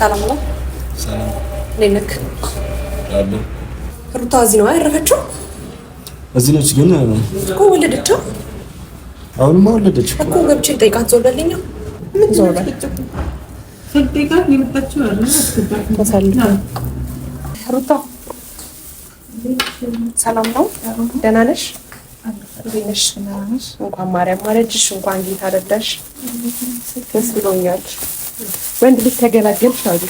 ሰላም ነው። ሰላም እንዴት ነህ? አሉ ሩታ እዚህ ነው ያረፈችው? እዚህ ነች። ግን እኮ ወለደችው። አሁንማ ወለደች እኮ ገብቼ ልጠይቃት ዞለልኛ። ምን ዞለ ሩታ ሰላም ነው? ደህና ነሽ? እንኳን ማርያም ማረችሽ፣ እንኳን ጌታ ረዳሽ። ደስ ብሎኛል። ወንድ ልጅ ተገላገልሽ አሉ።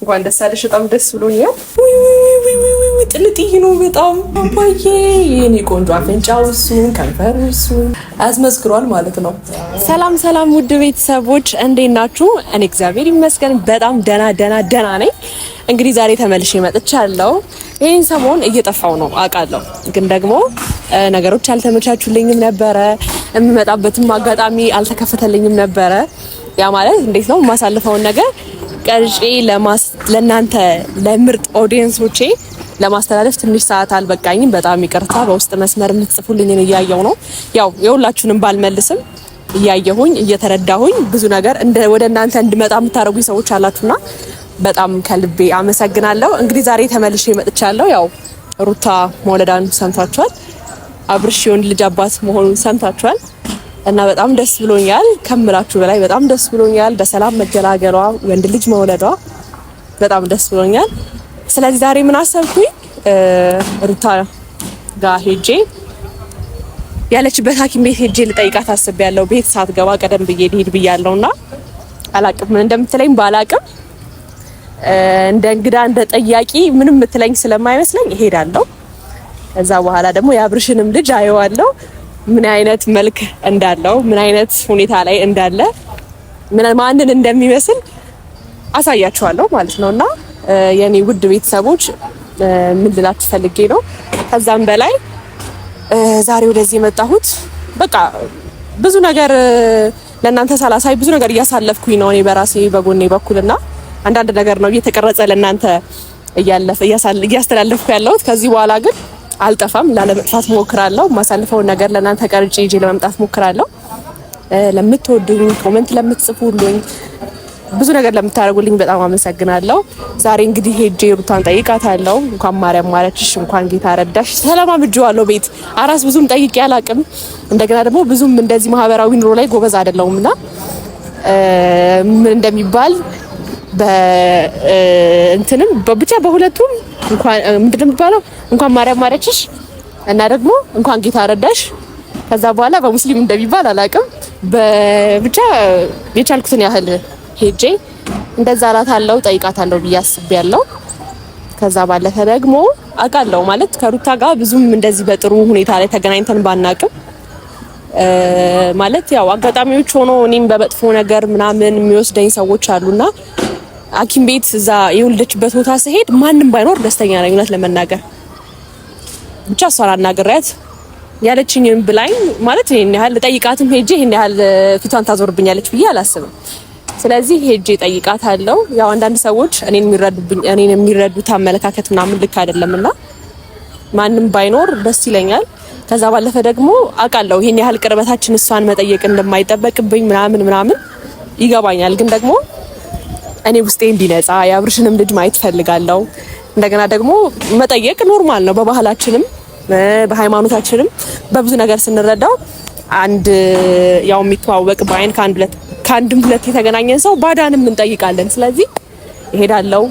እንኳን ደስ አለሽ። በጣም ደስ ብሎኛል። ጥልጥይ ነው በጣም አባዬ። የኔ ቆንጆ አፍንጫው እሱን ከንፈሩ እሱን አስመስክሯል ማለት ነው። ሰላም ሰላም፣ ውድ ቤተሰቦች እንዴት ናችሁ? እኔ እግዚአብሔር ይመስገን በጣም ደና ደና ደና ነኝ። እንግዲህ ዛሬ ተመልሼ መጥቻለሁ። ይህን ሰሞን እየጠፋው ነው አውቃለሁ፣ ግን ደግሞ ነገሮች አልተመቻቹልኝም ነበረ የምመጣበትም አጋጣሚ አልተከፈተልኝም ነበረ። ያ ማለት እንዴት ነው የማሳልፈውን ነገር ቀርጬ ለእናንተ ለምርጥ ኦዲየንሶቼ ለማስተላለፍ ትንሽ ሰዓት አልበቃኝም። በጣም ይቅርታ። በውስጥ መስመር የምትጽፉልኝን እያየው ነው። ያው የሁላችሁንም ባልመልስም እያየሁኝ እየተረዳሁኝ ብዙ ነገር ወደ እናንተ እንድመጣ የምታደርጉኝ ሰዎች አላችሁና በጣም ከልቤ አመሰግናለሁ። እንግዲህ ዛሬ ተመልሼ መጥቻለሁ። ያው ሩታ መውለዳን ሰምታችኋል። አብርሽ የወንድ ልጅ አባት መሆኑን ሰምታችኋል እና በጣም ደስ ብሎኛል። ከምላችሁ በላይ በጣም ደስ ብሎኛል። በሰላም መገላገሏ፣ ወንድ ልጅ መውለዷ በጣም ደስ ብሎኛል። ስለዚህ ዛሬ ምን አሰብኩኝ ሩታ ጋር ሄጄ ያለችበት ሐኪም ቤት ሄጄ ልጠይቃት አስቤያለሁ። ቤት ሳትገባ ቀደም ብዬ ልሄድ ብያለሁና አላቅም ምን እንደምትለኝ ባላቅም እንደ እንግዳ እንደ ጠያቂ ምንም የምትለኝ ስለማይመስለኝ እሄዳለሁ። ከዛ በኋላ ደግሞ የአብርሽንም ልጅ አየዋለሁ ምን አይነት መልክ እንዳለው ምን አይነት ሁኔታ ላይ እንዳለ ማንን እንደሚመስል አሳያችኋለሁ ማለት ነው። እና የኔ ውድ ቤተሰቦች ምን ልላችሁ ፈልጌ ነው፣ ከዛም በላይ ዛሬ ወደዚህ የመጣሁት በቃ ብዙ ነገር ለእናንተ ሳላሳይ ብዙ ነገር እያሳለፍኩኝ ነው እኔ በራሴ በጎኔ በኩልና አንዳንድ ነገር ነው እየተቀረጸ ለእናንተ እያስተላለፍኩ ያለሁት። ከዚህ በኋላ ግን አልጠፋም። ላለመጥፋት ሞክራለሁ። ማሳልፈውን ነገር ለእናንተ ቀርጬ ይዤ ለመምጣት ሞክራለሁ። ለምትወዱኝ፣ ኮመንት ለምትጽፉልኝ፣ ብዙ ነገር ለምታደርጉልኝ በጣም አመሰግናለሁ። ዛሬ እንግዲህ ሄጄ ሩታን ጠይቃታለሁ። እንኳን ማርያም ማረችሽ፣ እንኳን ጌታ ረዳሽ። ተለማምጄዋለሁ። ቤት አራስ ብዙም ጠይቄ አላቅም። እንደገና ደግሞ ብዙም እንደዚህ ማህበራዊ ኑሮ ላይ ጎበዝ አይደለሁምና ምን እንደሚባል በእንትንም በብቻ በሁለቱም እንኳን ምንድን የሚባለው እንኳን ማርያም ማረችሽ እና ደግሞ እንኳን ጌታ ረዳሽ። ከዛ በኋላ በሙስሊም እንደሚባል አላውቅም። በብቻ የቻልኩትን ያህል ሄጄ እንደዛ እላታለሁ፣ ጠይቃታለሁ ብዬ አስቤያለሁ። ከዛ ባለፈ ደግሞ አውቃለሁ ማለት ከሩታ ጋር ብዙም እንደዚህ በጥሩ ሁኔታ ላይ ተገናኝተን ባናውቅም ማለት ያው አጋጣሚዎች ሆኖ እኔም በመጥፎ ነገር ምናምን የሚወስደኝ ሰዎች አሉና ሐኪም ቤት እዛ የወለደችበት ቦታ ስሄድ ማንም ባይኖር ደስተኛ ነኝ። እውነት ለመናገር ብቻ እሷን አናግሪያት ያለችኝን ብላኝ ማለት ይሄን ያህል ጠይቃትም ሄጄ ይሄን ያህል ፊቷን ታዞርብኛለች ብዬ አላስብም። ስለዚህ ሄጄ ጠይቃታለሁ። ያው አንዳንድ ሰዎች እኔን የሚረዱብኝ እኔን የሚረዱት አመለካከት ምናምን ልክ አይደለምና ማንም ባይኖር ደስ ይለኛል። ከዛ ባለፈ ደግሞ አውቃለሁ ይሄን ያህል ቅርበታችን እሷን መጠየቅ እንደማይጠበቅብኝ ምናምን ምናምን ይገባኛል ግን ደግሞ እኔ ውስጤ እንዲነጻ የአብርሽንም ልጅ ማየት ፈልጋለሁ። እንደገና ደግሞ መጠየቅ ኖርማል ነው። በባህላችንም በሃይማኖታችንም በብዙ ነገር ስንረዳው አንድ ያው የሚተዋወቅ በአይን ከአንድ ሁለት ከአንድም ሁለት የተገናኘን ሰው ባዳንም እንጠይቃለን። ስለዚህ ይሄዳለው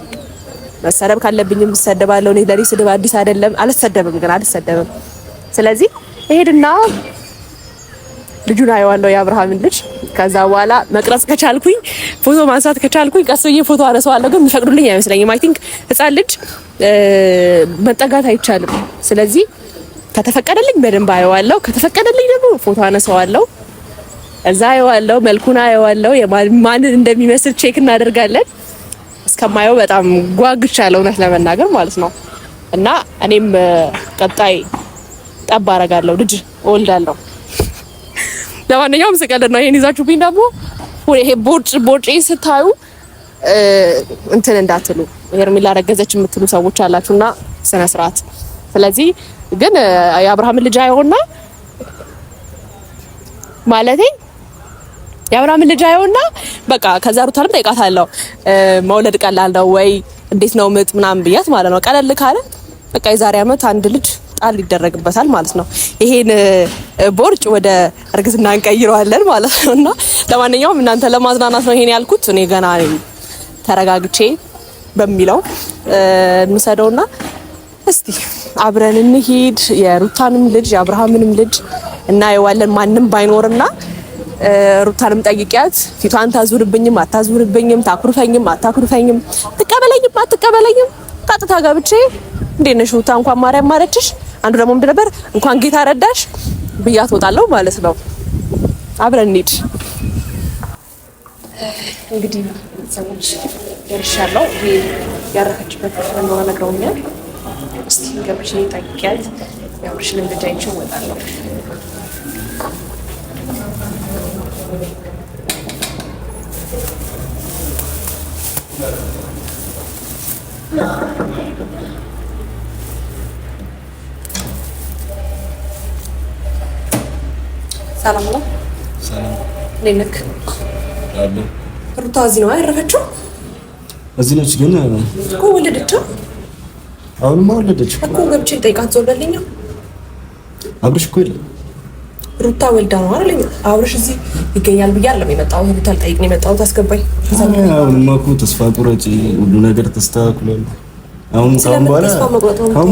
መሰደብ ካለብኝም እሰደባለሁ። እኔ ለኔ ስድብ አዲስ አይደለም። አልሰደብም፣ ግን አልሰደብም። ስለዚህ ይሄድና ልጁን አየዋለሁ የአብርሃምን ልጅ። ከዛ በኋላ መቅረጽ ከቻልኩኝ ፎቶ ማንሳት ከቻልኩኝ ቀስ ብዬ ፎቶ አነሳዋለሁ። ግን የሚፈቅዱልኝ አይመስለኝም። አይ ቲንክ ህፃን ልጅ መጠጋት አይቻልም። ስለዚህ ከተፈቀደልኝ በደንብ አየዋለሁ። ከተፈቀደልኝ ደግሞ ፎቶ አነሳዋለሁ። እዛ አየዋለሁ፣ መልኩን አየዋለሁ። ማንን እንደሚመስል ቼክ እናደርጋለን። እስከማየው በጣም ጓጉቻለሁ እውነት ለመናገር ማለት ነው። እና እኔም ቀጣይ ጠብ አረጋለሁ፣ ልጅ እወልዳለሁ። ለማንኛውም ስቀልድ ነው። ይሄን ይዛችሁብኝ ደግሞ ይሄ ቦጭ ቦጭ ስታዩ እንትን እንዳትሉ ሄርሜላ ረገዘች የምትሉ ሰዎች አላችሁና ስነ ስርዓት። ስለዚህ ግን የአብርሃምን ልጅ አይሆንና ማለቴ የአብርሃምን ልጅ አይሆንና በቃ ከዛ ሩታንም ጠይቃታለሁ መውለድ ቀላል ነው ወይ እንዴት ነው ምጥ ምናምን ብያት ማለት ነው። ቀለል ካለ በቃ የዛሬ አመት አንድ ልጅ ጣል ይደረግበታል ማለት ነው። ይሄን ቦርጭ ወደ እርግዝና እንቀይረዋለን ማለት ነው። እና ለማንኛውም እናንተ ለማዝናናት ነው ይሄን ያልኩት። እኔ ገና ተረጋግቼ በሚለው እንውሰደውና እስቲ አብረን እንሂድ። የሩታንም ልጅ የአብርሃምንም ልጅ እናየዋለን። ማንም ባይኖርና ሩታንም ጠይቂያት፣ ፊቷን ታዙርብኝም አታዙርብኝም፣ ታኩርፈኝም አታኩርፈኝም፣ ትቀበለኝም አትቀበለኝም። ቀጥታ ገብቼ እንዴት ነሽ ሩታ እንኳን ማርያም ማረችሽ። አንዱ ደግሞ ምንድን ነበር እንኳን ጌታ ረዳሽ ብያት ወጣለሁ ማለት ነው። አብረን እንሂድ። እንግዲህ ሰዎች ደርሻለሁ። ይሄ ያረፈችበት እንደሆነ ነግረውኛል። እስቲ ገብቼ ጠይቂያት። ያብርሽን እንግዲህ አይቼው እወጣለሁ። ሰላም ነው። ሰላም እንዴት ነህ? አሉ ሩታ እዚህ ነው ያረፈችው? እዚህ ነች ግን እኮ ወለደችው። አሁንማ ወለደችው እኮ ገብቼ ልጠይቃት ዘወለልኛ አብርሽ እኮ የለም ሩታ ወልዳ ነው አይደል? አብርሽ እዚህ ይገኛል ብዬ አለም የመጣሁት ሆስፒታል ጠይቅ ነው የመጣሁት። አስገባኝ። አሁንማ እኮ ተስፋ ቁረጪ፣ ሁሉ ነገር ተስተካክሏል። አሁን ካሁን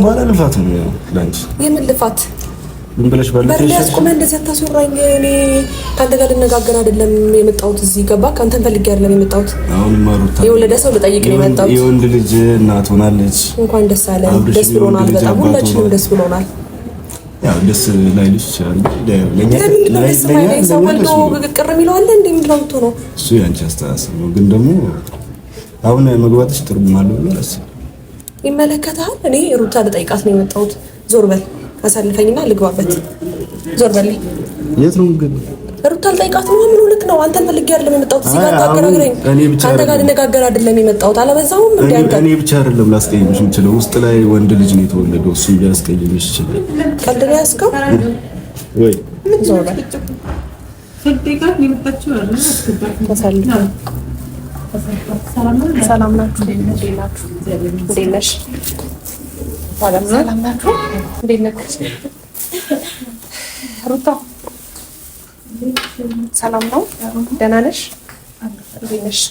በኋላ ልፋት ነው። የምን ልፋት ምን ብለሽ ባለሽ ያስቆመ እንደዚህ አታስወራኝ። እኔ ከአንተ ጋር ልነጋገር አይደለም የመጣሁት እዚህ ገባ ከአንተን ፈልጌ አይደለም የመጣሁት። አሁን ማሩታ የወለደ ሰው ልጠይቅ ነው የመጣሁት። የወንድ ልጅ እናት ሆናለች። እንኳን ደስ አለ። ደስ ብሎናል፣ በጣም ሁላችንም ደስ ብሎናል። ያው ደስ ላይልሽ ይችላል። ለኛ ደስ ለኛ ሰው ወልዶ ግቅር የሚለው አለ እንዴ? ምንድን ነው እሱ ያንቺ አስተሳሰብ ነው። ግን ደግሞ አሁን መግባትሽ ትርጉም አለው ብለሽ ይመለከታል። እኔ ሩታ ልጠይቃት ነው የመጣሁት። ዞር በል አሳልፈኝና ልግባበት። ዞር በል። የት ነው ግን ሩታል አልጠይቃት ነው? ምን ልክ ነው? አንተን ፈልጌ አይደለም የመጣሁት። እዚህ ጋር ታገናግረኝ አንተ ጋር ልነጋገር አይደለም የመጣሁት። አለበዛውም እንዴ አንተ እኔ ብቻ አይደለም ላስቀይምሽ የምችለው ውስጥ ላይ ወንድ ልጅ ነው የተወለደው። እሱ ቢያስቀይምሽ ይችላል። ቀልድ ነው ያስከው ወይ ዞር ሰላም ናችሁ? እንዴት ነሽ? ሰላም ናችሁ? እንዴት ነው ሩታ? ሰላም ነው? ደህና ነሽ? እንዴት ነሽ?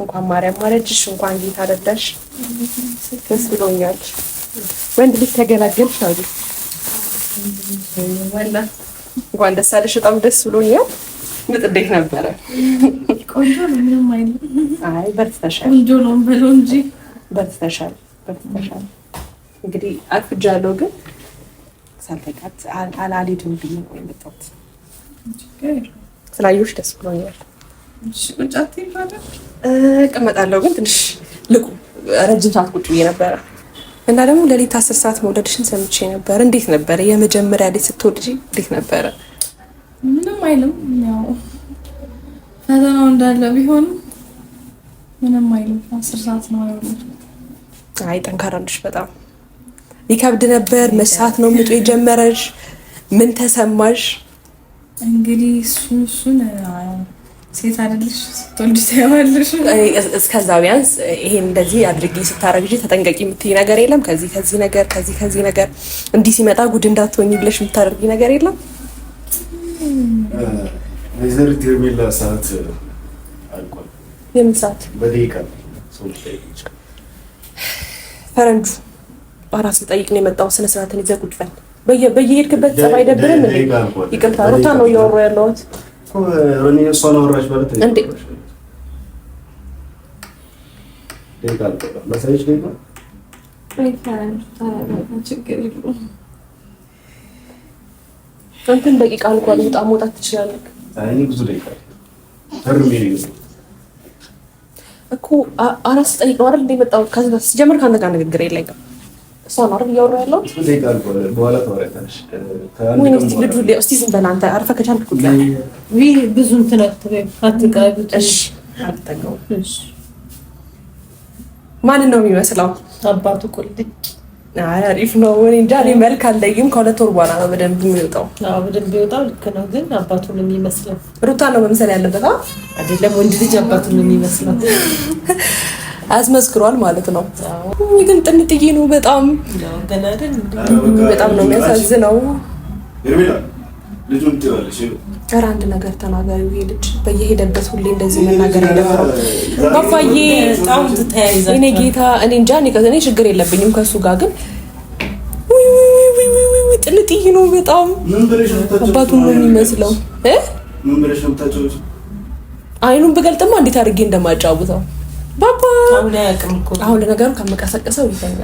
እንኳን ማርያም ማረችሽ፣ እንኳን ጌታ ረዳሽ። ደስ ብሎኛል። ወንድ ልጅ ተገላገልሽ አሉ። እንኳን ደስ አለሽ። በጣም ደስ ብሎኛል። ምጥ እንዴት ነበረ? ቆንጆ ነው። ምንም አይልም። አይ በርትተሻል። ቆንጆ ነው በለው እንጂ በርትተሻል፣ በርትተሻል እንግዲህ አርፍጃለሁ፣ ግን ሳልጠቃት አላሊድም ብዬ ነው የመጣሁት። ስላየሁሽ ደስ ብሎኛል። እቀመጣለሁ፣ ግን ትንሽ ልቁ ረጅም ሰዓት ቁጭ ብዬ ነበረ እና ደግሞ ሌሊት አስር ሰዓት መውለድሽን ሰምቼ ነበረ። እንዴት ነበረ? የመጀመሪያ ልጅ ስትወልጂ እንዴት ነበረ? ምንም አይልም። ያው ፈተናው እንዳለ ቢሆንም ምንም አይልም። አስር ሰዓት ነው። አይ ጠንካራ ነሽ በጣም ይከብድ ነበር? መሳት ነው ምጡ የጀመረሽ? ምን ተሰማሽ? እንግዲህ እሱን እሱን ሴት አይደለሽ ስትወልጂ ሳይዋልሽ እስከዛ ቢያንስ ይሄን እንደዚህ አድርጊ ስታረግጂ ተጠንቀቂ የምትይ ነገር የለም? ከዚህ ከዚህ ነገር ከዚህ ከዚህ ነገር እንዲህ ሲመጣ ጉድ እንዳትሆኝ ብለሽ የምታደርጊ ነገር የለም? ወይዘሪት ሄርሜላ ሰዓት አልቋል። የምን ሰዓት? በደቂቃ ፈረንጁ በአራስ ልጠይቅ ነው የመጣው። ስነ ስርዓትን ይዘህ ቁጭ በል። በየሄድክበት ጸብ አይደብርም ይቅርታ ሩታ ነው እያወሩ ያለሁት እንትን ደቂቃ አልኳል። በጣም መውጣት ትችላለህ እኮ አራስ ልጠይቅ ነው አይደል? እንደ መጣሁት ከዚህ ሲጀምር ከአንተ ጋር ንግግር የለኝም እሷን አርግ እያወራ ያለው የሚመስለው? አባቱ ቁልጭ አሪፍ ነው። እኔ እንጃ እኔ መልክ አለይም። ከሁለት ወር በኋላ ነው በደንብ የሚወጣው። በደንብ ይወጣው። ልክ ነው፣ ግን አባቱ ነው የሚመስለው። ሩታ ነው መምሰል ያለበት አይደለም? ወንድ ልጅ አባቱ ነው የሚመስለው አስመስክሯል ማለት ነው። ግን ጥንጥዬ ነው በጣም በጣም ነው የሚያሳዝነው። ኧረ አንድ ነገር ተናጋሪ ልጅ በየሄደበት ሁሌ እንደዚህ መናገር አይደፈረው ባባዬ እኔ ጌታ እኔ እንጃ እኔ ችግር የለብኝም ከእሱ ጋር ግን ጥንጥዬ ነው በጣም አባቱን ነው የሚመስለው። አይኑን ብገልጥማ እንዴት አድርጌ እንደማጫውተው አሁን ለነገሩ ከምቀሰቀሰው ይተኛ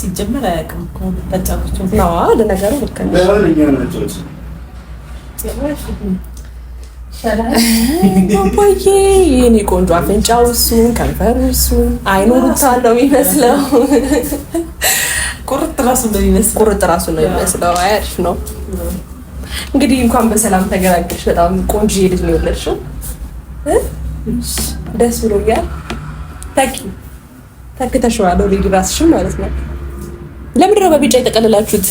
ሲጀመር አያውቅም ነዋ። ለነገሩ ልክ ባባዬ የኔ ቆንጆ አፍንጫው እሱን ከንፈሩ እሱን አይኑ ሩታ ነው የሚመስለው። ቁርጥ ራሱ ነው የሚመስለው። ቁርጥ ራሱ ነው የሚመስለው። አሪፍ ነው። እንግዲህ እንኳን በሰላም ተገላገልሽ። በጣም ቆንጆ ልጅ ነው የወለድሽው። ደስ ብሎኛል። ታኪ ታክተሽዋል። ኦልሬዲ ራስሽን ማለት ነው። ለምንድን ነው በቢጫ የጠቀለላችሁት?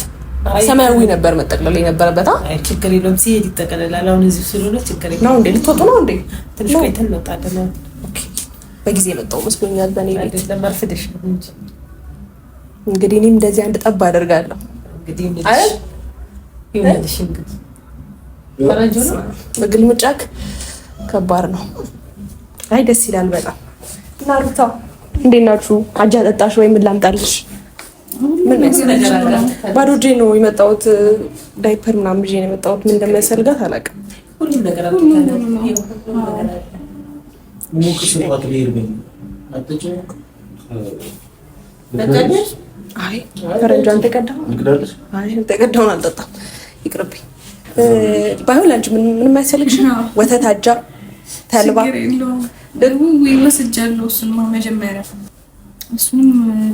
ሰማያዊ ነበር መጠቅለል የነበረበት። ችግር የለውም ሲሄድ ይጠቀለላል። አሁን እዚህ ስለሆነ ችግር የለውም። ነው እንዴ ልትወጡ ነው እንዴ? ትንሽ ቆይተን እንወጣለን። በጊዜ የመጣው መስሎኛል። በእኔ ቤት ለማርፍደሽ እንግዲህ እኔም እንደዚህ አንድ ጠብ አደርጋለሁ። እንግዲህ አይደል ይመልሽ። እንግዲህ ፈረንጆ ነው በግልምጫክ ከባድ ነው። አይ ደስ ይላል በጣም ናሩታ እንዴት ናችሁ? አጃ ጠጣሽ ወይ? ምን ላምጣልሽ? ምን ባዶ እጄ ነው የመጣሁት። ዳይፐር ምናምን ይዤ ነው የመጣሁት። ምን እንደሚያሰልጋት አላውቅም። ባይሆን ለአንቺ ምንም አያሰልግሽም። ወተት፣ አጃ፣ ተልባ ደግሞ ወስጃለሁ። እሱንማ መጀመሪያ እሱንም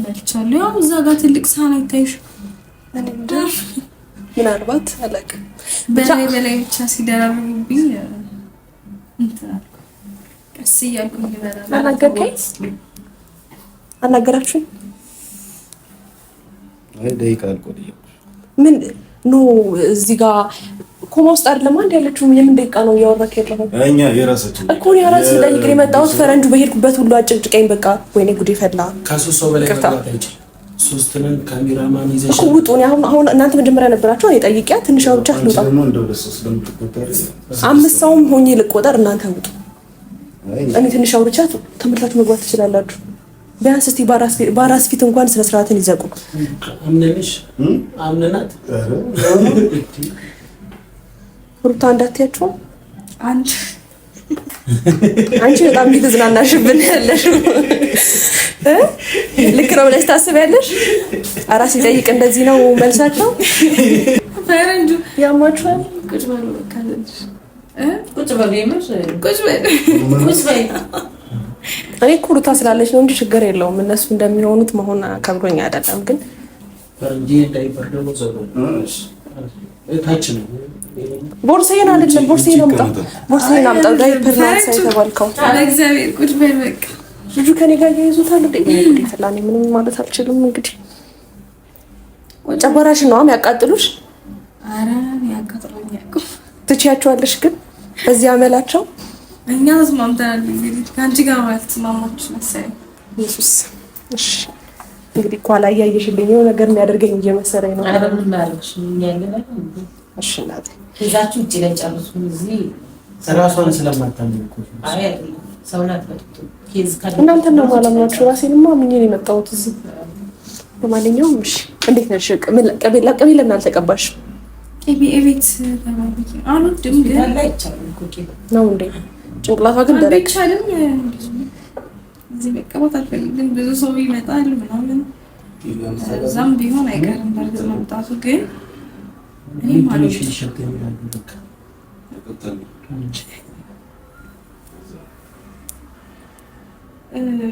በልቻለሁ። ያው እዛ ጋር ትልቅ ሳህን አይታይሽ ምናልባት አላውቅም። በላይ በላይ ብቻ ሲደራረቡብኝ እንትን አልኩ። ቀስ እያልኩኝ ይበላል። አናገርከኝ አናገራችሁኝ? አይ ደቂቃ አልቆ ምን ኖ እዚህ ጋር ኮማ ውስጥ አይደለም አንድ ያለችው የምን ደቂቃ ነው እያወራክ ያለው እኛ የራሳችን እኮ ነው የራስ ደቂቃ የመጣሁት ፈረንጁ በሄድኩበት ሁሉ አጭቅጭቀኝ በቃ ወይኔ ጉዴ ፈላ ከሶስት ሰው በላይ መግባት ሶስትንን ካሜራማን ይዘሽ ውጡ አሁን አሁን እናንተ መጀመሪያ ነበራችሁ እኔ ጠይቂያ ትንሽ አውጫ ልውጣ አምስት ሰውም ሆኜ ልቆጠር እናንተ ውጡ እኔ ትንሽ አውርቻት ተመልሳችሁ መግባት ትችላላችሁ ቢያንስ እስቲ በአራስ ፊት እንኳን ስነ ስርዓትን ይዘቁ። አምነናት ሩታ እንዳትያቸው አንቺ አንቺ በጣም እየተዝናናሽብን ያለሽ ልክ ነው ብለሽ ታስቢያለሽ። አራስ ሲጠይቅ እንደዚህ ነው መልሳቸው። ፈረንጁ ያሟችኋል ቁጭ በሉ እኔ እኮ ሩታ ስላለች ነው እንጂ ችግር የለውም። እነሱ እንደሚሆኑት መሆን ከብሎኝ አይደለም ግን ቦርሳዬን አይደለም ቦርሳዬን አምጣ፣ ቦርሳዬን አምጣ። ዳይፐር ናት የተባልከው እግዚአብሔር ቁጭ በል በቃ። ልጁ ከኔ ጋር ያይዙታል እንዴ? እኔ ምንም ማለት አልችልም። እንግዲህ ጨበራሽ ነው ያቃጥሉሽ። ኧረ ያቃጥሉኝ። ትችያቸዋለሽ ግን በዚህ አመላቸው እኛ ተስማምተናል። እንግዲህ ከአንቺ ጋር ማለት ተስማማችሁ መሰለኝ። ኢየሱስ እሺ፣ እንግዲህ ኳላ እያየሽልኝ የሆነ ነገር የሚያደርገኝ እየመሰለኝ ነው። ኧረ ምንም አያደርግሽም። እጅ ላይ ጨርሱ። እዚህ ራሷን ስለማታምን እናንተ ነው ማላምናችሁ። ራሴንማ አምኜ ነው የመጣሁት እዚህ። ለማንኛውም እሺ፣ እንዴት ነሽ? ቅቤ ለምን አልተቀባሽም? ቤት ነው እንዴ? ጭንቅላቷ ግን ደረቅ እዚህ መቀመጥ አልፈልግም፣ ብዙ ሰው ይመጣል ምናምን እዛም ቢሆን አይቀርም በእርግጥ መምጣቱ ግን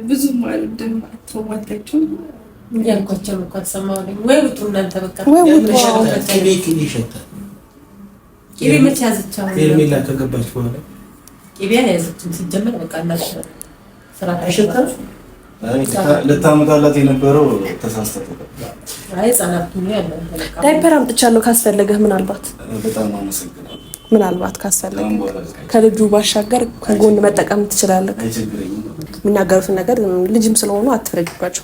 ብዙም አልወድም። አትዋጣችሁም እያልኳቸው እኮ ወይ ውጡ እናንተ በቃ ወይ ውጡ ቅቤ ቅቤ ከገባች በኋላ ቂቢያን የያዘችም ሲጀመር በቃ እናት ልታመጣላት የነበረው ተሳስተት ዳይፐር አምጥቻለሁ ካስፈለገህ፣ ምናልባት ምናልባት ካስፈለገህ ከልጁ ባሻገር ከጎን መጠቀም ትችላለህ። የሚናገሩትን ነገር ልጅም ስለሆኑ አትፍረጅባቸው።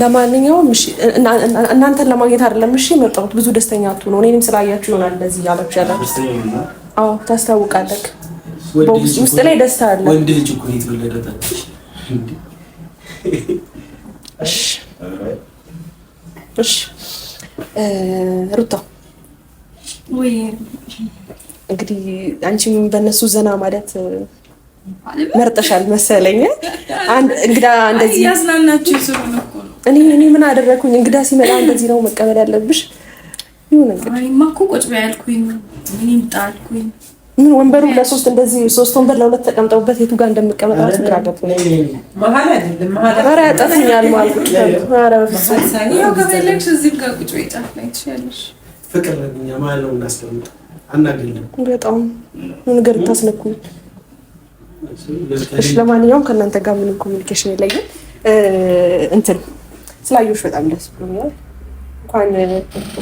ለማንኛውም እናንተን ለማግኘት አይደለም እሺ የመጣሁት። ብዙ ደስተኛ አትሆኑ። እኔንም ስላያችሁ ይሆናል እንደዚህ እያላችሁ ያላችሁ። አዎ ታስታውቃለህ። ውስጥ ላይ ደስታ አለ። ወንድ ልጅ እኮ ነው የተወለደው። እሺ ሩታ እንግዲህ አንቺም በእነሱ ዘና ማለት መርጠሻል መሰለኝ። እንግዳ እንደዚህ ያዝናናችሁ እኔ እኔ ምን አደረግኩኝ? እንግዳ ሲመጣ እንደዚህ ነው መቀበል ያለብሽ። ይሁን እንግዲህ እኔማ እኮ ቁጭ በይ ምን ይምጣልኩኝ? ምን ወንበሩ ለሶስት እንደዚህ ሶስት ወንበር ለሁለት ተቀምጠውበት የቱ ጋር እንደምቀመጥ ግራ ገብቶኝ ያጠፍኛል። በጣም ነገር ታስነኩኝ። እሺ፣ ለማንኛውም ከእናንተ ጋር ምንም ኮሚኒኬሽን የለኝም እንትን ስላየሁሽ በጣም ደስ ብሎኛል። እንኳን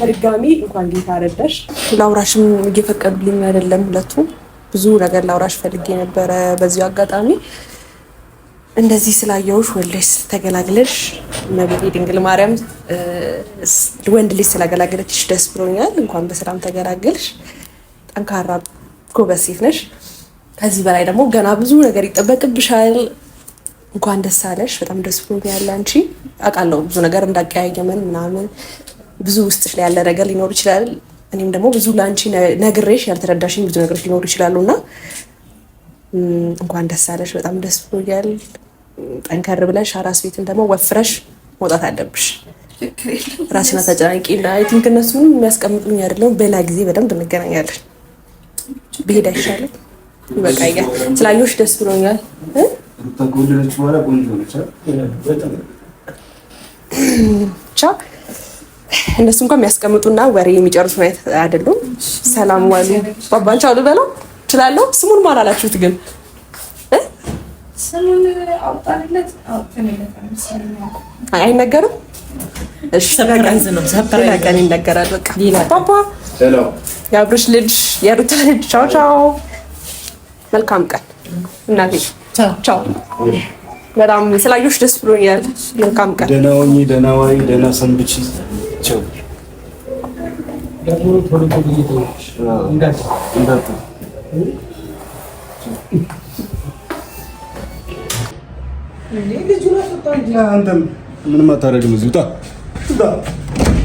በድጋሚ እንኳን ጌታ ረዳሽ። ላውራሽም እየፈቀዱልኝ አይደለም ሁለቱ ብዙ ነገር ላውራሽ ፈልጌ ነበረ። በዚሁ አጋጣሚ እንደዚህ ስላየውሽ ወልደሽ ስተገላግለሽ እመቤቴ ድንግል ማርያም ወንድ ልጅ ስላገላገለችሽ ደስ ብሎኛል። እንኳን በሰላም ተገላግልሽ። ጠንካራ ጎበዝ ሴት ነሽ። ከዚህ በላይ ደግሞ ገና ብዙ ነገር ይጠበቅብሻል። እንኳን ደስ አለሽ። በጣም ደስ ያለ አንቺ አውቃለሁ ብዙ ነገር እንዳቀያየመን ምናምን ብዙ ውስጥሽ ላይ ያለ ነገር ሊኖር ይችላል። እኔም ደግሞ ብዙ ለአንቺ ነግሬሽ ያልተረዳሽኝ ብዙ ነገሮች ሊኖሩ ይችላሉ እና እንኳን ደስ አለሽ። በጣም ደስ ብሎኛል። ጠንከር ብለሽ አራስ ቤትን ደግሞ ወፍረሽ መውጣት አለብሽ። ራስና ተጨናቂ አይ ቲንክ እነሱንም የሚያስቀምጡኝ አይደለም። በሌላ ጊዜ በደንብ እንገናኛለን። ብሄድ አይሻልም? ይበቃኛል። ስላየሁሽ ደስ ብሎኛል። ከወለደች በኋላ ቆንጆ ነች። ብቻ እነሱ እንኳን የሚያስቀምጡና ወሬ የሚጨርሱ አይነት አይደሉም። ሰላም ዋሉ ባባንቻው ልበለው እችላለሁ። ስሙን ማን አላችሁት ግን? አይነገርም። ቀን ይነገራል። በቃ ባባ የአብርሽ ልጅ የሩታ ልጅ ቻው ቻው። መልካም ቀን እናቴ ቻው። በጣም ስላየሁሽ ደስ ብሎኛል። መልካም ቀን። ደህና ሁኚ፣ ደህና ዋይ፣ ደህና ሰንብቺ። ቻው። ምንም አታደርግም እዚህ ውጣ